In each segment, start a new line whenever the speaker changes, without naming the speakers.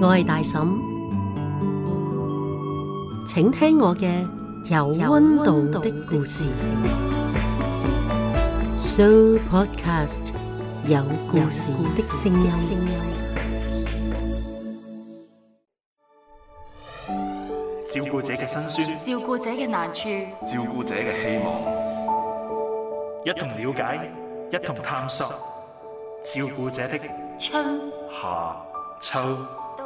我係大嬸，請聽我嘅有温度的故事。Show Podcast 有故事的聲音。
照顧者嘅辛酸，
照顧者嘅難處，
照顧者嘅希望，
一同了解，一同探索，照顧者的春、夏、秋。余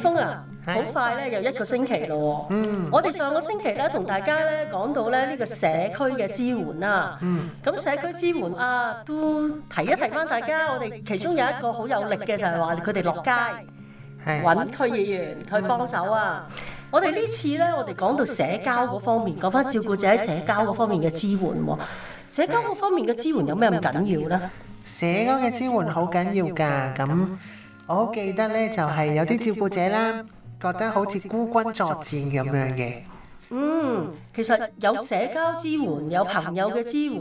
風啊！好快咧，又一個星期咯喎！嗯，我哋上個星期咧同大家咧講到咧呢個社區嘅支援啦。嗯，咁社區支援啊，都提一提翻大家。我哋其中有一個好有力嘅就係話佢哋落街揾區議員去幫手啊！我哋呢次咧，我哋講到社交嗰方面，講翻照顧者喺社交嗰方面嘅支援喎。社交嗰方面嘅支援有咩咁緊要呢？社交嘅支援好緊
要㗎。咁我好記得咧，就係有啲照顧者啦。覺得好似孤軍作戰咁樣嘅，嗯，
其實有社交支援，有朋友嘅支援，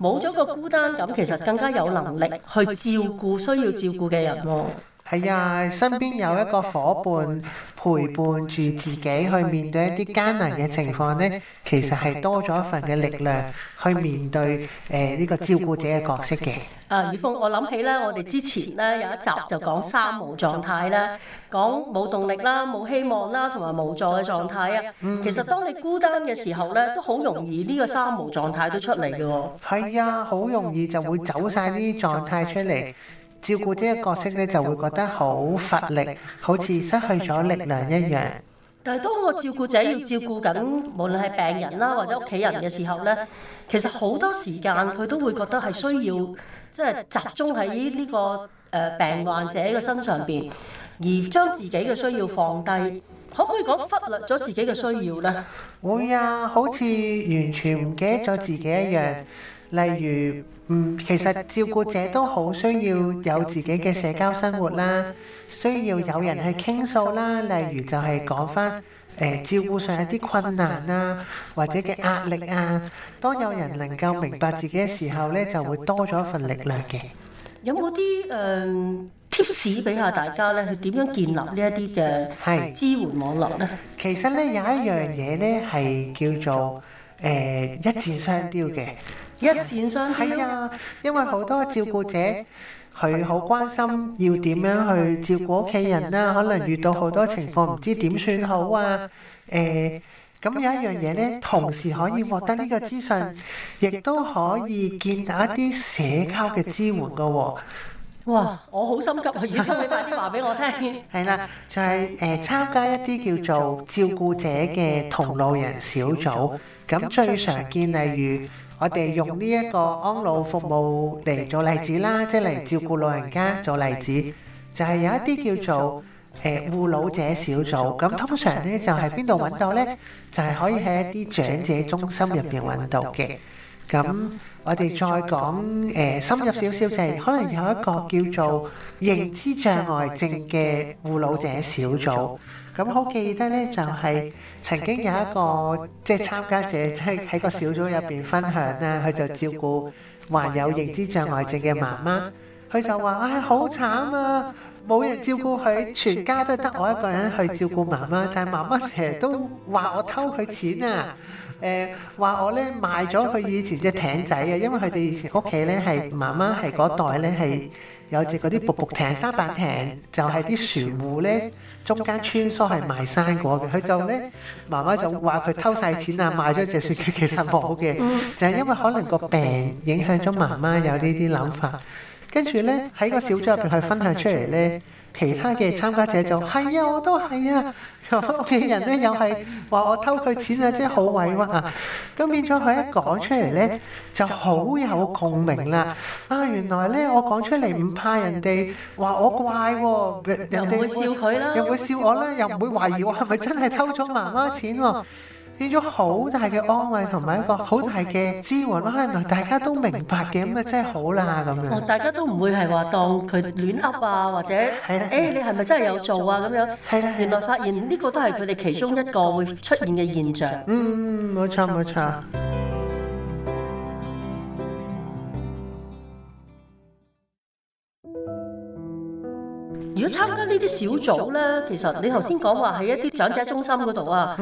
冇咗個孤單感，其實更加有能力去照顧
需要照顧嘅人喎。係啊、嗯，身邊有一個伙伴。陪伴住自己去面對一啲艱難嘅情況呢其實係多咗一份嘅力量去面對誒呢、呃呢個照顧者嘅角色嘅。
啊，雨風，我諗起啦，我哋之前咧有一集就講三無狀態啦，講冇動力啦、冇希望啦同埋冇助嘅狀態啊。嗯、其實當你孤單嘅時候咧，都好容易呢個三無狀態都出嚟嘅喎。係啊，好容易就會走晒呢啲狀態出嚟。
照顧者嘅角色咧，就會覺得好乏力，好似失去咗力量一樣。
但係當個照顧者要照顧緊，無論係病人啦或者屋企人嘅時候咧，其實好多時間佢都會覺得係需要，即係集中喺呢個誒病患者嘅身上邊，而將自己嘅需要放低，可唔可以講忽略咗自己嘅需要咧？會啊，好似
完全唔記得咗自己一樣。例如，嗯，其實照顧者都好需要有自己嘅社交生活啦，需要有人去傾訴啦。例如就係講翻誒照顧上一啲困難啊，或者嘅壓力啊，當有人能夠明白自己嘅時候咧，就會多咗一份力量嘅。
有冇啲誒 tips 俾下大家咧？去點樣建立呢一啲嘅係支援網絡
咧？其實咧，有一樣嘢咧係叫做誒一箭雙雕嘅。一箭雙鵰，係啊，因為好多照顧者佢好關心要點樣去照顧屋企人啦。可能遇到好多情況，唔知點算好啊。誒咁有一樣嘢咧，同時可以獲得呢個資訊，亦都可以見到一啲社交嘅支援㗎喎。哇！
我好心急啊，如果你快啲話俾我聽。係啦，
就係誒參加一啲叫做照顧者嘅同路人小組咁最常見，例如，我哋用呢一個安老服務嚟做例子啦，即係嚟照顧老人家做例子，就係有一啲叫做誒護老者小組。咁通常呢就喺邊度揾到呢？就係可以喺一啲長者中心入邊揾到嘅。咁我哋再講誒深入少少，就係可能有一個叫做認知障礙症嘅護老者小組。咁好記得咧，就係、是、曾經有一個即係參加者，即係喺個小組入邊分享啦。佢就照顧患有認知障礙症嘅媽媽，佢就話：唉、哎，好慘啊！冇人照顧佢，全家都得我一個人去照顧媽媽，但係媽媽成日都話我偷佢錢啊！誒話、呃、我咧賣咗佢以前隻艇仔嘅，因為佢哋以前屋企咧係媽媽係嗰代咧係有隻嗰啲瀑布艇、舢舨艇，就係、是、啲船戶咧中間穿梭係賣生果嘅。佢就咧媽媽就話佢偷晒錢啊，賣咗隻雪嘅。其實冇嘅，嗯、就係因為可能個病影響咗媽媽有呢啲諗法。跟住咧喺個小組入邊佢分享出嚟咧。其他嘅參加者就係啊，我都係啊，同屋企人咧又係話我偷佢錢啊，真係好委屈啊！咁變咗佢一講出嚟咧，就好有共鳴啦啊！原來咧我講出嚟唔怕人哋話我怪，人哋會笑佢啦，又會笑我啦，又唔會懷疑我係咪真係偷咗媽媽錢喎。變咗好大嘅安慰同埋一個好大嘅支援咯，原來大，大家都明白嘅，咁就真係好啦咁樣。
大家都唔會係話當佢亂噏啊，的或者誒的、哎、你係咪真係有做啊咁的樣？係啦的，原來發現呢個都係佢哋其中一個會出現嘅現象。嗯，冇錯冇錯。啲小組咧，其實你頭先講話喺一啲長者中心嗰度啊，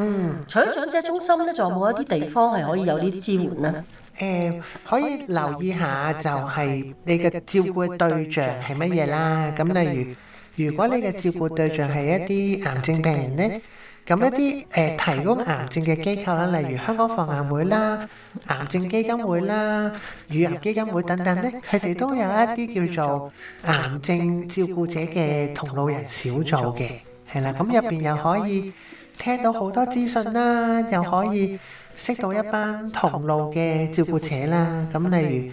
除咗、嗯、長者中心咧，仲有冇一啲地方係可以有呢啲支援咧？
誒、嗯，可以留意下就係你嘅照顧對象係乜嘢啦。咁例如，如果你嘅照顧對象係一啲癌症病人咧。咁一啲誒、呃、提供癌症嘅機構啦，例如香港防癌會啦、癌症基金會啦、乳癌基金會等等咧，佢哋都有一啲叫做癌症照顧者嘅同路人小組嘅，係啦，咁入邊又可以聽到好多資訊啦，又可以識到一班同路嘅照顧者啦，咁例如。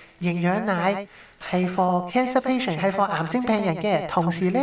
營養奶係 for cancer patient 係 for 癌症病人嘅，同時呢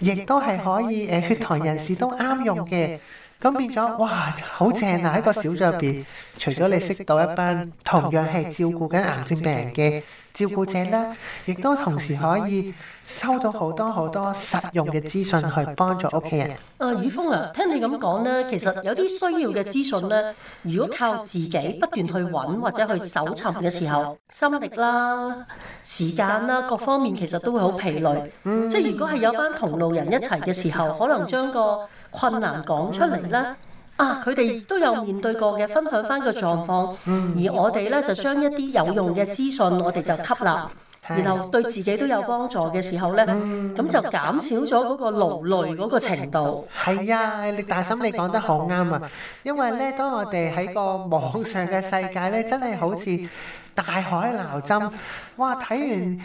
亦都係可以、呃、血糖人士都啱用嘅。咁變咗，哇！好正、嗯、啊！喺個小組入邊，除咗你識到一班同樣係照顧緊癌症病人嘅。照顧者呢，亦都同時可以收到好多好多實用嘅資訊，去幫助屋企人。
啊、呃，雨峰啊，聽你咁講呢，其實有啲需要嘅資訊呢，如果靠自己不斷去揾或者去搜尋嘅時候，心力啦、啊、時間啦、啊、各方面其實都會好疲累。嗯、即係如果係有班同路人一齊嘅時候，可能將個困難講出嚟啦。嗯啊！佢哋都有面對過嘅，分享翻個狀況，嗯、而我哋呢就將一啲有用嘅資訊，我哋就吸納，是然後對自己都有幫助嘅時候呢，咁、嗯、就減少咗嗰個勞累嗰個程度。係啊，大你大嬸
你講得好啱啊，因為呢，當我哋喺個網上嘅世界呢，真係好似～大海撈針，哇！睇完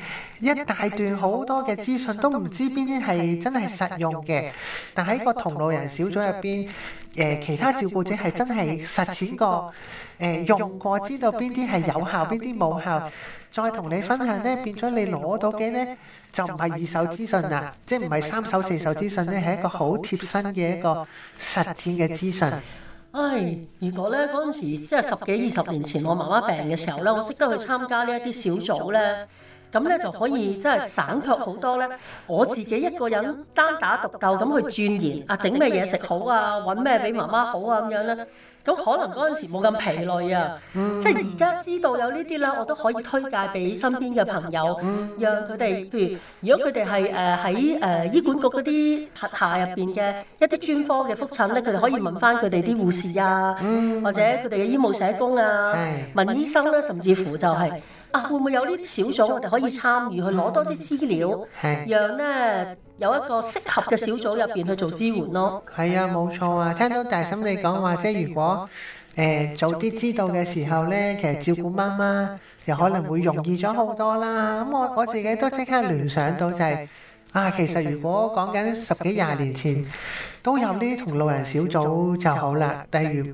一大段好多嘅資訊，都唔知邊啲係真係實用嘅。但喺個同路人小組入邊，誒、呃、其他照顧者係真係實踐過、誒、呃、用過，知道邊啲係有效、邊啲冇效，再同你分享呢，變咗你攞到嘅呢，就唔係二手資訊啦，即係唔係三手、四手資訊呢，係一個好貼身嘅一個實踐嘅資訊。
唉，如果咧嗰陣時即係十幾二十年前，我媽媽病嘅時候咧，候呢我識得去參加呢一啲小組咧，咁咧就可以真係省卻好多咧。我自己一個人單打獨鬥咁去鑽研啊，整咩嘢食好啊，揾咩俾媽媽好啊咁、啊、樣咧。咁可能嗰陣時冇咁疲累啊，即係而家知道有呢啲啦，我都可以推介俾身邊嘅朋友，嗯、讓佢哋譬如，如果佢哋係誒喺誒醫管局嗰啲轄下入邊嘅一啲專科嘅覆診咧，佢哋可以問翻佢哋啲護士啊，嗯、或者佢哋嘅醫務社工啊，是問醫生啦、啊，甚至乎就係、是。啊，會唔會有呢啲小組我哋可以參與去攞多啲資料，讓呢有一個適合嘅小組入邊去做支援咯？係啊，冇錯啊！
聽到大心你講話，即係如果誒早啲知道嘅時候呢，其實照顧媽媽又可能會容易咗好多啦。咁我我自己都即刻聯想到就係啊，其實如果講緊十幾廿年前都有呢啲同路人小組就好啦。例如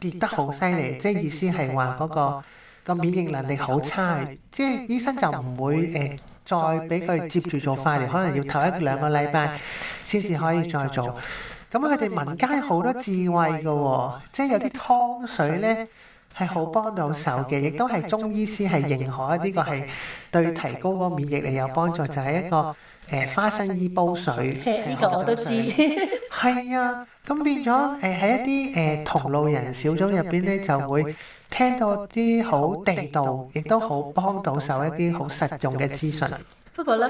跌得好犀利，即係意思係話嗰個免疫能力好差，即係醫生就唔會誒、呃、再俾佢接住做化療，可能要頭一兩個禮拜先至可以再做。咁佢哋民間好多智慧嘅喎，即係有啲湯水呢係好幫到手嘅，亦都係中醫師係認可呢個係對提高個免疫力有幫助，就係一個。誒、呃、花生衣煲水，呢這個我都知，係 啊，咁變咗誒喺一啲誒、呃、同路人小組入邊咧， 就會聽到啲好地道，亦 都好幫到手一啲好實用嘅資訊。不過咧，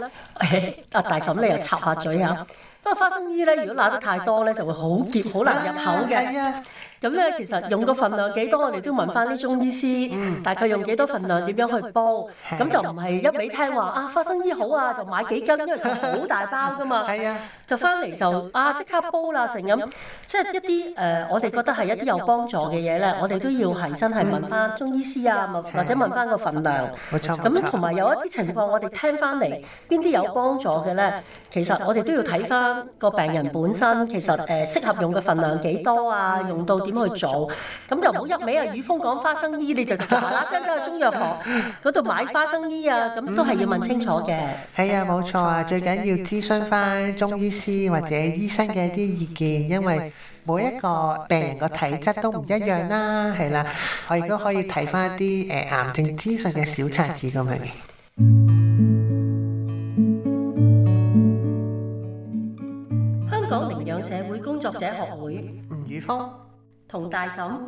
阿、 啊、大嬸你又插下嘴啊！
不過花生衣咧，如果攪得太多咧， 就會好澀，好難入口嘅。係啊。咁咧，其實用個份量幾多，我哋都問翻啲中醫師，大概用幾多份量，點樣去煲，咁就唔係一味聽話啊，花生衣好啊，就買幾斤，因為佢好大包㗎嘛，係啊，就翻嚟就啊即刻煲啦成咁，即係一啲誒我哋覺得係一啲有幫助嘅嘢咧，我哋都要係真係問翻中醫師啊，或者問翻個份量，冇錯，咁同埋有一啲情況，我哋聽翻嚟邊啲有幫助嘅咧，其實我哋都要睇翻個病人本身，其實誒適合用嘅份量幾多啊，用到。點樣去做？咁又唔好一味啊！宇峰講花生衣，你就喇喇聲走去中藥房嗰度買花生衣啊！咁都係要問清楚
嘅。係啊，冇錯啊，最緊要諮詢翻中醫師或者醫生嘅一啲意見，因為每一個病人個體質都唔一樣啦，係啦，我亦都可以睇翻一啲誒癌症資訊嘅小冊子咁樣嘅。
香港營養社會工作者學會，吳宇峰。同大嬸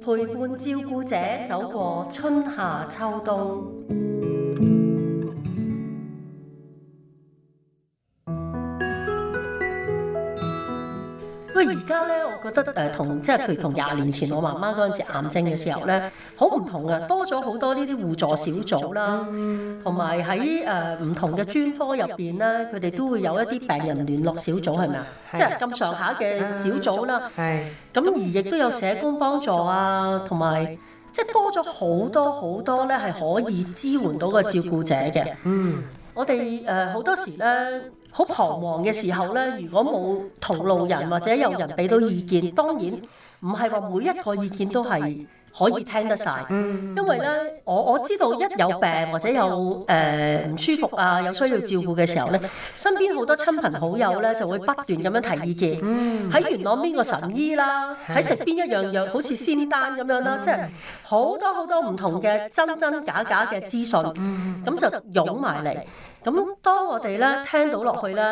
陪伴照顧者走過春夏秋冬。咁而家咧，我覺得誒同即係譬如同廿年前我媽媽嗰陣時癌症嘅時候咧，好唔同啊！多咗好多呢啲互助小組啦，嗯、同埋喺誒唔同嘅專科入邊咧，佢哋都會有一啲病人聯絡小組係咪啊？即係咁上下嘅小組啦。係、嗯。咁而亦都有社工幫助啊，同埋即係多咗好多好多咧，係可以支援到個照顧者嘅。嗯。我哋誒好多時咧，好彷徨嘅時候呢，如果冇同路人或者有人俾到意見，當然唔係話每一個意見都係可以聽得晒。嗯、因為呢，我我知道一有病或者有誒唔、呃、舒服啊，有需要照顧嘅時候呢，身邊好多親朋好友呢就會不斷咁樣提意見。喺、嗯、元朗邊個神醫啦，喺食邊一樣藥是好似仙丹咁樣啦，嗯、即係好多好多唔同嘅真真假假嘅資訊，咁、嗯、就湧埋嚟。咁當我哋咧聽到落去咧，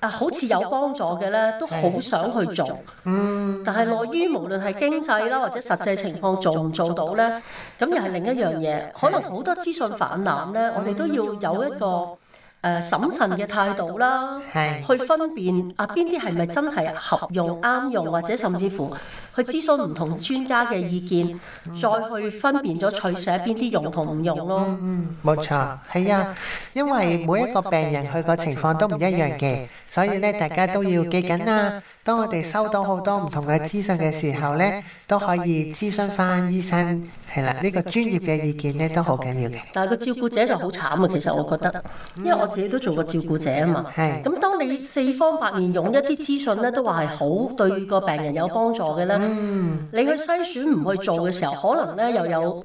啊，好似有幫助嘅咧，都好想去做，嗯，但係落於無論係經濟啦，或者實際情況做唔做到咧，咁又係另一樣嘢，嗯、可能好多資訊氾濫咧，嗯、我哋都要有一個誒審慎嘅態度啦，係去分辨啊，邊啲係咪真係合用啱用，用或者甚至乎去諮詢唔同專家嘅意見，嗯，再去分辨咗取捨邊啲用同唔用咯。嗯，
冇錯，係啊，因為每一個病人佢個情況都唔一樣嘅，所以咧大家都要記緊啦。當我哋收到好多唔同嘅資訊嘅時候呢都可以
諮詢返醫生，係啦，呢、呢個專業嘅意見呢都好緊要嘅。但係個照顧者就好慘啊，其實我覺得，因為我自己都做過照顧者啊嘛。係、嗯。咁當你四方八面用一啲資訊呢都話係好對個病人有幫助嘅咧，嗯、你去篩選唔去做嘅時候，可能呢又有。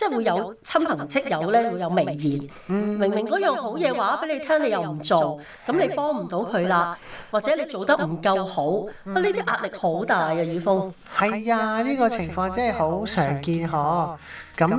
即係會有親朋戚友咧，會有微言，嗯、明明嗰樣好嘢話俾你聽，你又唔做，咁你幫唔到佢啦，或者你做得唔夠好，啊、嗯，呢啲壓力好大啊，宇峰。係啊，呢、呢個
情況真係好常見嗬，咁誒那。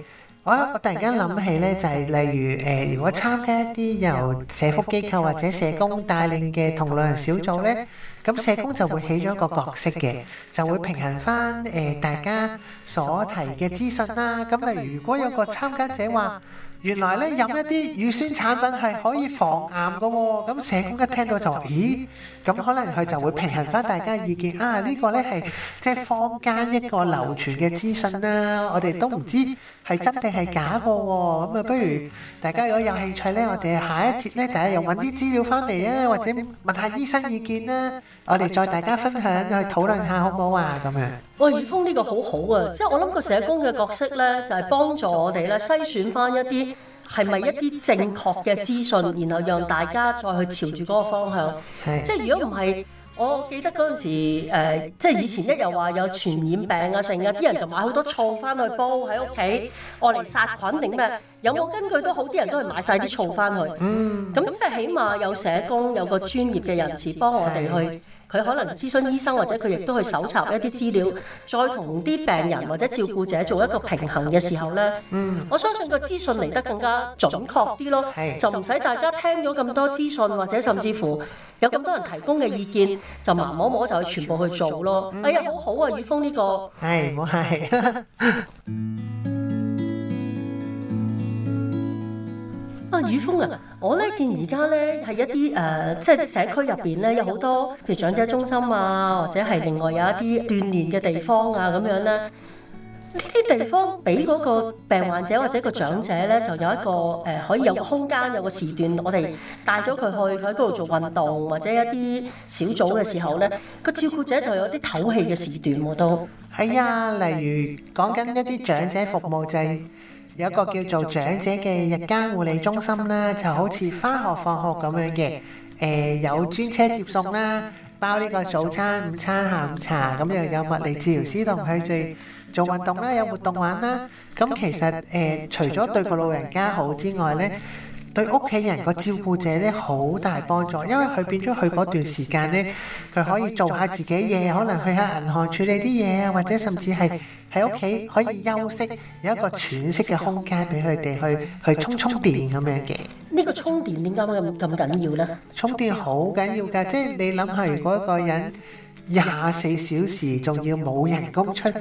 嗯我突然間諗起呢，就係、是、例如誒、呃，如果參加一啲由社福機構或者社工帶領嘅同路人小組呢，咁社工就會起咗一個角色嘅，就會平衡翻誒、呃、大家所提嘅資訊啦。咁例如如果有個參加者話，原來咧飲一啲乳酸產品係可以防癌㗎喎，咁社工一聽到就話：咦，咁可能佢就會平衡返大家嘅意見啊。呢個咧係即坊間一個流傳嘅資訊啦，我哋都唔知係真定係假㗎喎。咁啊，不如大家如果有興趣咧，我哋下一節咧就係用搵啲資料返嚟啊，或者問下醫生意見啦。我哋再大家分享，再討論下好唔好啊？咁樣，
喂，葉峰呢個好好啊！即係我諗個社工嘅角色咧，就係、是、幫助我哋咧篩選翻一啲係咪一啲正確嘅資訊，然後讓大家再去朝住嗰個方向。是即係如果唔係，我記得嗰陣時、呃、即係以前一日話有傳染病啊，成日啲人就買好多醋翻去煲喺屋企，愛嚟殺菌定咩？有冇根據都好，啲人都係買晒啲醋翻去。咁、嗯、即係起碼有社工，有個專業嘅人士幫我哋去。佢可能諮詢醫生，或者佢亦都去搜查一啲資料，再同啲病人或者照顧者做一個平衡嘅時候呢，嗯、我相信個資訊嚟得更加準確啲咯，是就唔使大家聽咗咁多資訊，或者甚至乎有咁多人提供嘅意見，就盲摸摸就去全部去做咯。嗯、哎呀，好好啊，宇峰呢、這個，係唔係？嗯是不是 啊，雨峰啊，我咧呢呢見而家咧係一啲誒，即係、啊就是、社區入邊咧有好多，譬如長者中心啊，或者係另外有一啲鍛鍊嘅地方啊，咁樣咧，呢啲地方俾嗰個病患者或者個長者咧，就有一個誒、啊、可以有個空間、有個時段，我哋帶咗佢去，佢喺嗰度做運動，或者一啲小組嘅時候咧，個照顧者就有啲唞氣嘅時段喎、啊，都係
啊， 例如講緊一啲長者服務制。有一個叫做長者嘅日間護理中心啦，心就好似返學放學咁樣嘅，誒、呃、有專車接送啦，包呢個早餐、午餐，餐、下午茶，咁又有物理治療師同佢哋做運動啦，動有活動玩啦。咁、啊、其實誒，呃、除咗對個老人家好之外呢。對屋企人個照顧者咧，好大幫助，因為佢變咗佢嗰段時間咧，佢可以做下自己嘢，可能去下銀行處理啲嘢啊，或者甚至係喺屋企可以休息，有一個喘息嘅空間俾佢哋去去充充電咁樣嘅。呢個充電點解咁咁緊要呢？充電好緊要㗎，即係你諗下，如果一個人廿四小時仲要冇人工出去，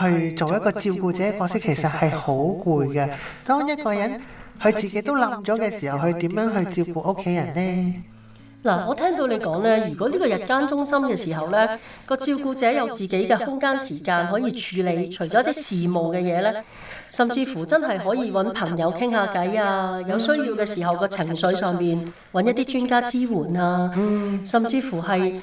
去做一個照顧者角色，其實係好攰嘅。當一個人佢自己都冧咗嘅時候，佢點樣去照顧屋企人呢？
嗱，我聽到你講呢：如果呢個日間中心嘅時候呢，個照顧者有自己嘅空間時間可以處理，除咗一啲事務嘅嘢呢，甚至乎真係可以揾朋友傾下偈啊！有需要嘅時候，個情緒上面揾一啲專家支援啊，甚至乎係。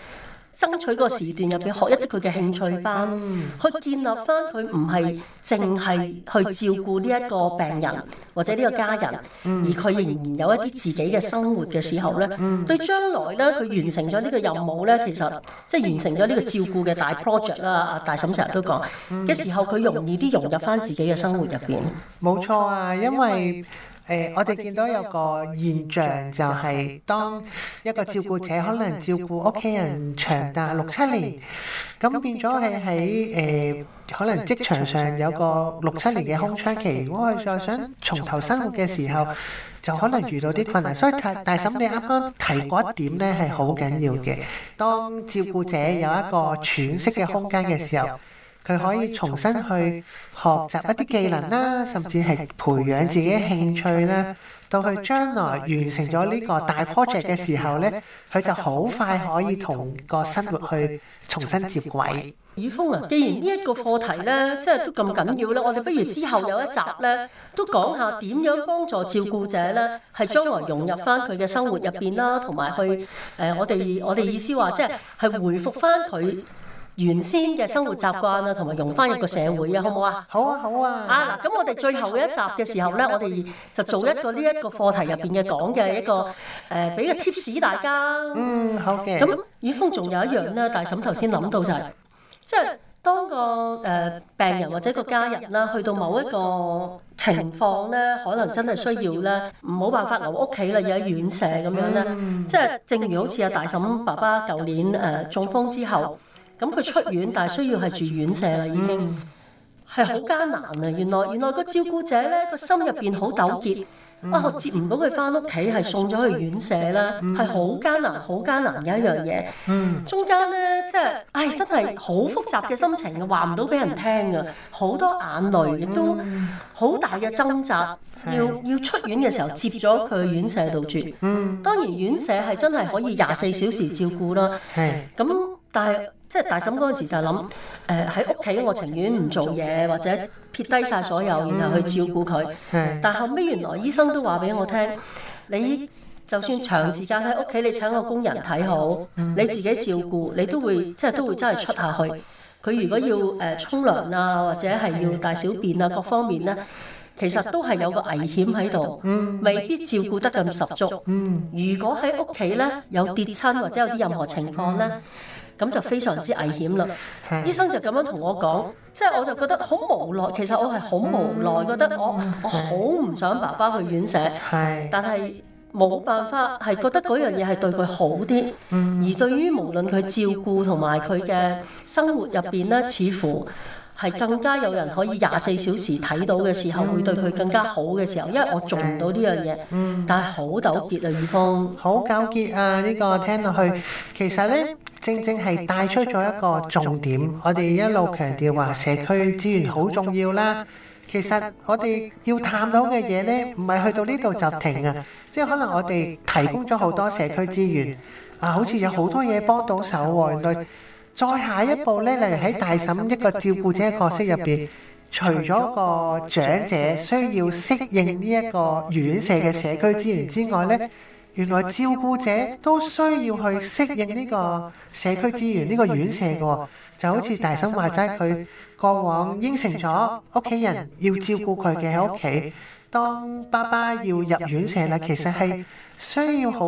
爭取個時段入邊學一啲佢嘅興趣班，嗯、去建立翻佢唔係淨係去照顧呢一個病人或者呢個家人，嗯、而佢仍然有一啲自己嘅生活嘅時候咧，嗯、對將來咧佢完成咗呢個任務咧，其實、嗯、即係完成咗呢個照顧嘅大 project 啦。大嬸成日都講嘅、嗯、時候，佢容易啲融入翻自己嘅生活入邊。冇錯啊，因為。
誒、哎，我哋見到有個現象，就係、是、當一個照顧者可能照顧屋企人長達六七年，咁變咗係喺誒可能職場上有個六七年嘅空窗期，如果佢再想從頭生活嘅時候，就可能遇到啲困難。所以，大嬸你啱啱提嗰一點呢係好緊要嘅。當照顧者有一個喘息嘅空間嘅時候。佢可以重新去學習一啲技能啦，甚至係培養自己興趣啦。到佢將來完成咗呢個大 project 嘅時候呢，佢就好快可以同個生活去重新接軌。
雨風啊，既然呢一個課題呢，即係都咁緊要呢，我哋不如之後有一集呢，都講下點樣幫助照顧者呢，係將來融入翻佢嘅生活入邊啦，同埋去誒、呃，我哋我哋意思話，即係係回覆翻佢原先嘅生活習慣啊，同埋融返入個社會啊，好唔好啊？好啊，好啊！啊嗱，咁我哋最後一集嘅時候咧，我哋就做一個呢一個課題入邊嘅講嘅一個誒，俾個貼士大家。嗯，好嘅。咁宇峰仲有一樣咧，大嬸頭先諗到就係，即係當個誒病人或者個家人啦，去到某一個情況咧，可能真係需要咧，冇辦法留屋企啦，要喺院舍咁樣咧。嗯。即係正如好似阿大嬸爸爸舊年誒中風之後。咁佢出院，但係需要係住院舍啦，已經係好艱難啊！原來原來個照顧者咧個心入邊好糾結，啊接唔到佢翻屋企，係送咗去院舍啦，係好艱難，好艱難嘅一樣嘢。中間呢，即係唉，真係好複雜嘅心情，話唔到俾人聽啊！好多眼淚，亦都好大嘅掙扎。要要出院嘅時候接咗佢去院舍度住。當然院舍係真係可以廿四小時照顧啦。咁但係即係大嬸嗰陣時就諗誒喺屋企，呃、我情願唔做嘢或者撇低晒所有，然後去照顧佢。嗯、但後尾原來醫生都話俾我聽，嗯、你就算長時間喺屋企，你請個工人睇好，嗯、你自己照顧，你都會即係、就是、都會真係出下去。佢如果要誒沖涼啊，或者係要大小便啊，各方面呢，其實都係有個危險喺度，嗯、未必照顧得咁十足。嗯、如果喺屋企呢，有跌親或者有啲任何情況呢。咁就非常之危險啦！是醫生就咁樣同我講，即、就、係、是、我就覺得好無奈。其實我係好無奈，嗯、覺得我我好唔想爸爸去院舍，是但係冇辦法係覺得嗰樣嘢係對佢好啲。嗯、而對於無論佢照顧同埋佢嘅生活入邊呢，似乎係更加有人可以廿四小時睇到嘅時候，嗯、會對佢更加好嘅時候。因為我做唔到呢樣嘢，嗯、但係好糾結啊，雨風好糾結啊！呢個聽落去，
其實呢。正正係帶出咗一個重點，我哋一路強調話社區資源好重要啦。其實我哋要探討嘅嘢呢，唔係去到呢度就停啊。即係可能我哋提供咗好多社區資源啊，好似有好多嘢幫到手喎。原來再下一步呢，例如喺大嬸一個照顧者角色入邊，除咗個長者需要適應呢一個院舍嘅社區資源之外呢。原來照顧者都需要去適應呢個社區資源、呢個院舍嘅，就好似大生話齋，佢過往應承咗屋企人要照顧佢嘅喺屋企，當爸爸要入院舍咧，其實係需要好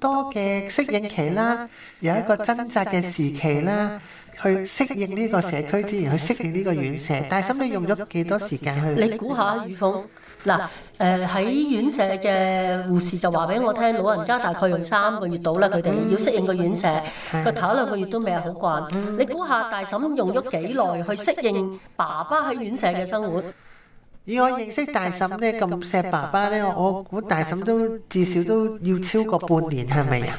多嘅適應期啦，有一個掙扎嘅時期啦，去適應呢個社區資源，去適應呢個院舍。大生你用咗幾多時間去？你
估下，雨鳳？嗱，誒喺、呃、院舍嘅護士就話俾我聽，老人家大概用三個月到啦，佢哋要適應個院舍，佢頭一兩個月都未有好慣。嗯、你估下大嬸用咗幾耐去適應爸爸喺院舍嘅生活？以我認識大嬸咧，咁錫爸爸
咧，我估大嬸都至少都要超過半年，係咪啊？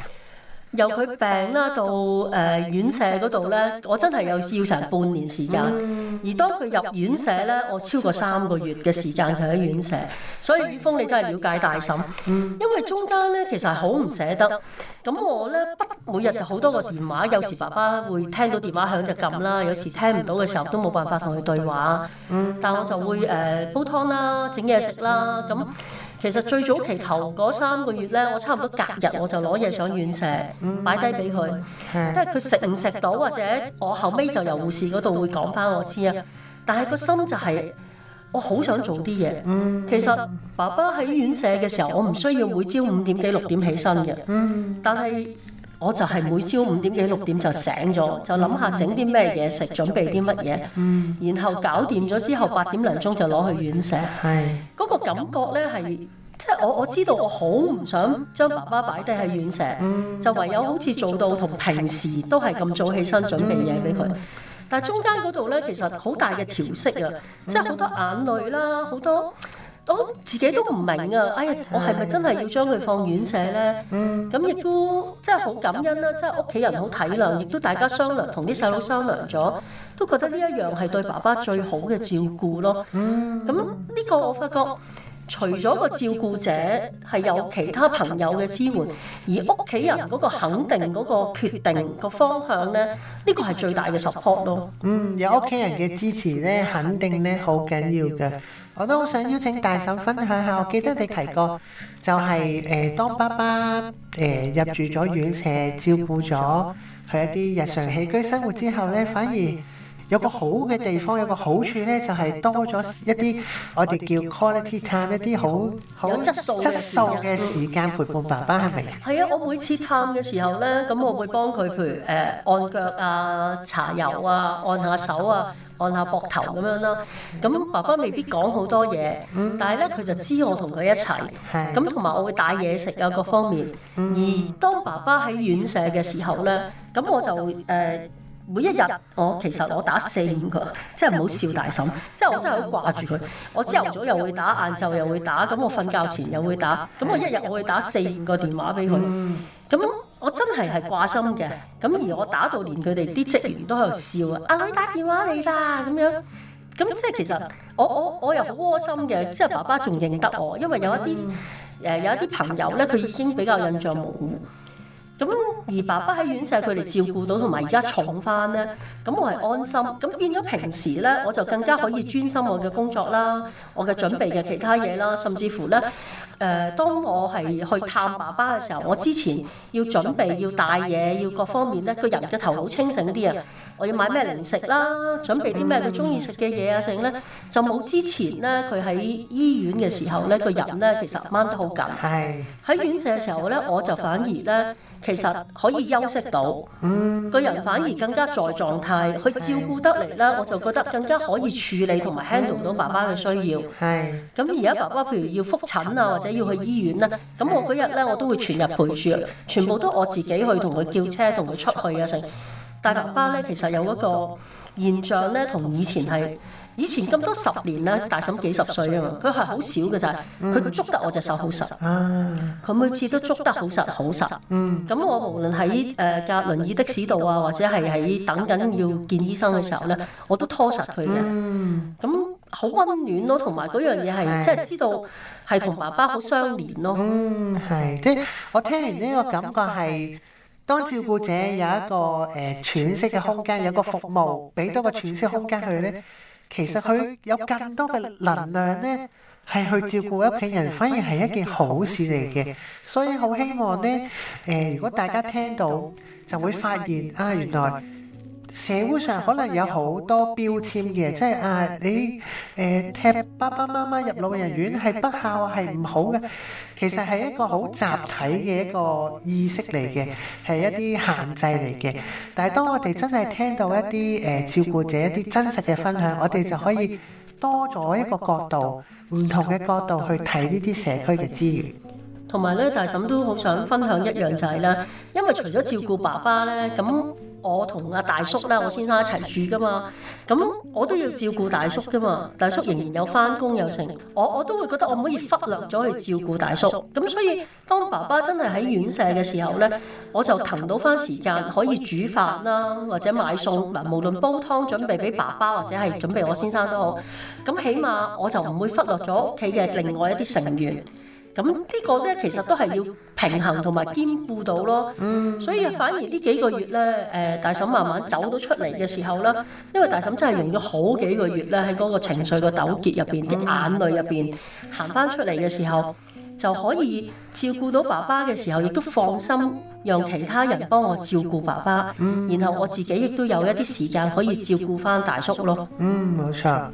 由佢病啦到誒、呃、院舍嗰度咧，我真係有要成半年時間。嗯、而當佢入院舍咧，我超過三個月嘅時間佢喺院舍。所以宇峰，你真係了解大嬸，嗯、因為中間咧其實係好唔捨得。咁、嗯、我咧不每日就好多個電話，嗯、有時爸爸會聽到電話響就撳啦，嗯、有時聽唔到嘅時候都冇辦法同佢對話。嗯、但我就會誒、嗯、煲湯啦，整嘢食啦咁。嗯嗯其實最早期頭嗰三個月咧，我差唔多隔日我就攞嘢上院舍，擺低俾佢，都係佢食唔食到或者我後尾就由護士嗰度會講翻我知啊。但係個心就係、是、我好想做啲嘢。嗯、其實爸爸喺院舍嘅時候，我唔需要每朝五點幾六點起身嘅，嗯、但係。我就係每朝五點幾六點就醒咗，就諗下整啲咩嘢食，準備啲乜嘢，然後搞掂咗之後八點零鐘就攞去院舍。嗰個感覺呢，係，即係我我知道我好唔想將爸爸擺低喺院舍，就唯有好似做到同平時都係咁早起身準備嘢俾佢，但係中間嗰度呢，其實好大嘅調適啊，即係好多眼淚啦，好多。我自己都唔明啊！哎呀，我係咪真係要將佢放院舍咧？咁亦、嗯、都真係好感恩啦、啊！即係屋企人好體諒，亦都大家商量，同啲細佬商量咗，都覺得呢一樣係對爸爸最好嘅照顧咯。咁呢、嗯、個我發覺，除咗個照顧者係、嗯、有其他朋友嘅支援，而屋企人嗰個肯定、嗰個決定個方向咧，呢個係最大嘅 support 咯。嗯，有屋企人嘅支持
咧，肯定咧，好緊要嘅。我都好想邀請大手分享下，我記得你提過，就係誒當爸爸誒入住咗院舍，照顧咗佢一啲日常起居生活之後咧，反而，有個好嘅地方，有個好處咧，就係多咗一啲我哋叫 quality time，一啲好好質素嘅時間陪伴爸爸，係咪啊？
係啊，我每次探嘅時候咧，咁我會幫佢譬如誒、呃、按腳啊、搽油啊、按下手啊、按下膊頭咁樣啦。咁爸爸未必講好多嘢，嗯、但係咧佢就知我同佢一齊。咁同埋我會帶嘢食啊，各方面。嗯、而當爸爸喺院舍嘅時候咧，咁我就誒。呃每一日我其實我打四五個，即係唔好笑大嬸，即係我真係好掛住佢。我朝頭早又會打，晏晝又會打，咁我瞓覺前又會打，咁我一日我會打四五個電話俾佢。咁我真係係掛心嘅。咁而我打到連佢哋啲職員都喺度笑啊！阿女打電話嚟啦咁樣。咁即係其實我我我又好窩心嘅，即係爸爸仲認得我，因為有一啲誒有一啲朋友咧，佢已經比較印象模糊。咁而爸爸喺院舍佢哋照顧到同埋而家重翻咧，咁我係安心。咁變咗平時咧，我就更加可以專心我嘅工作啦，我嘅準備嘅其他嘢啦，甚至乎咧，誒、呃，當我係去探爸爸嘅時候，我之前要準備要帶嘢要各方面咧，個人嘅頭好清醒啲啊。我要買咩零食啦，準備啲咩佢鍾意食嘅嘢啊，成咧就冇之前咧佢喺醫院嘅時候咧，個人咧其實掹得好緊。喺院舍嘅時候咧，我就反而咧其實可以休息到，個人反而更加在狀態，去照顧得嚟咧。我就覺得更加可以處理同埋 handle 到爸爸嘅需要。咁而家爸爸譬如要覆診啊，或者要去醫院咧，咁我嗰日咧我都會全日陪住，全部都我自己去同佢叫車，同佢出去啊，成。.大爸爸咧，其實有一個現象咧，同以前係以前咁多十年咧，年大嬸幾十歲啊嘛，佢係好少嘅啫，佢佢、嗯、捉得我隻手好實，佢、啊、每次都捉得好實好實。咁我無論喺誒架輪椅的士度啊，或者係喺等緊要見醫生嘅時候咧，我都拖實佢嘅。咁好溫暖咯，同埋嗰樣嘢係即係知道係同爸爸好相連咯。嗯，係即係我聽完呢個感覺係。當照顧者
有一個誒、呃、喘息嘅空間，有個服務，俾多個喘息空間佢咧，其實佢有更多嘅能量咧，係去照顧屋企人，反而係一件好事嚟嘅。所以好希望咧，誒、呃，如果大家聽到，就會發現啊，原來。社會上可能有好多標籤嘅，即係啊你誒、呃、踢爸爸媽媽入老人院係不孝，係唔好嘅，其實係一個好集體嘅一個意識嚟嘅，係一啲限制嚟嘅。但係當我哋真係聽到一啲誒、呃、照顧者一啲真實嘅分享，我哋就可以多咗一個角度，唔同嘅角度去睇呢啲社區嘅資源。
同埋咧，大嬸都好想分享一樣仔、就、啦、係，因為除咗照顧爸爸咧，咁。我同阿大叔啦，我先生一齊住㗎嘛，咁我都要照顧大叔㗎嘛，大叔仍然有返工有剩，我我都會覺得我唔可以忽略咗去照顧大叔，咁所以當爸爸真係喺院舍嘅時候呢，我就騰到返時間可以煮飯啦，或者買餸嗱，無論煲湯準備俾爸爸或者係準備我先生都好，咁起碼我就唔會忽略咗屋企嘅另外一啲成員。咁呢個呢，其實都係要平衡同埋兼顧到咯。嗯，所以反而呢幾個月呢，誒、呃、大嬸慢慢走到出嚟嘅時候啦，因為大嬸真係用咗好幾個月咧喺嗰個情緒嘅糾結入邊、啲、嗯、眼淚入邊，行翻出嚟嘅時候，就可以照顧到爸爸嘅時候，亦都放心讓其他人幫我照顧爸爸。嗯、然後我自己亦都有一啲時間可以照顧翻大叔咯。嗯，冇
錯。